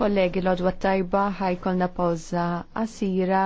Kollegi, l-odwa tajba ħajkolna pawza qasira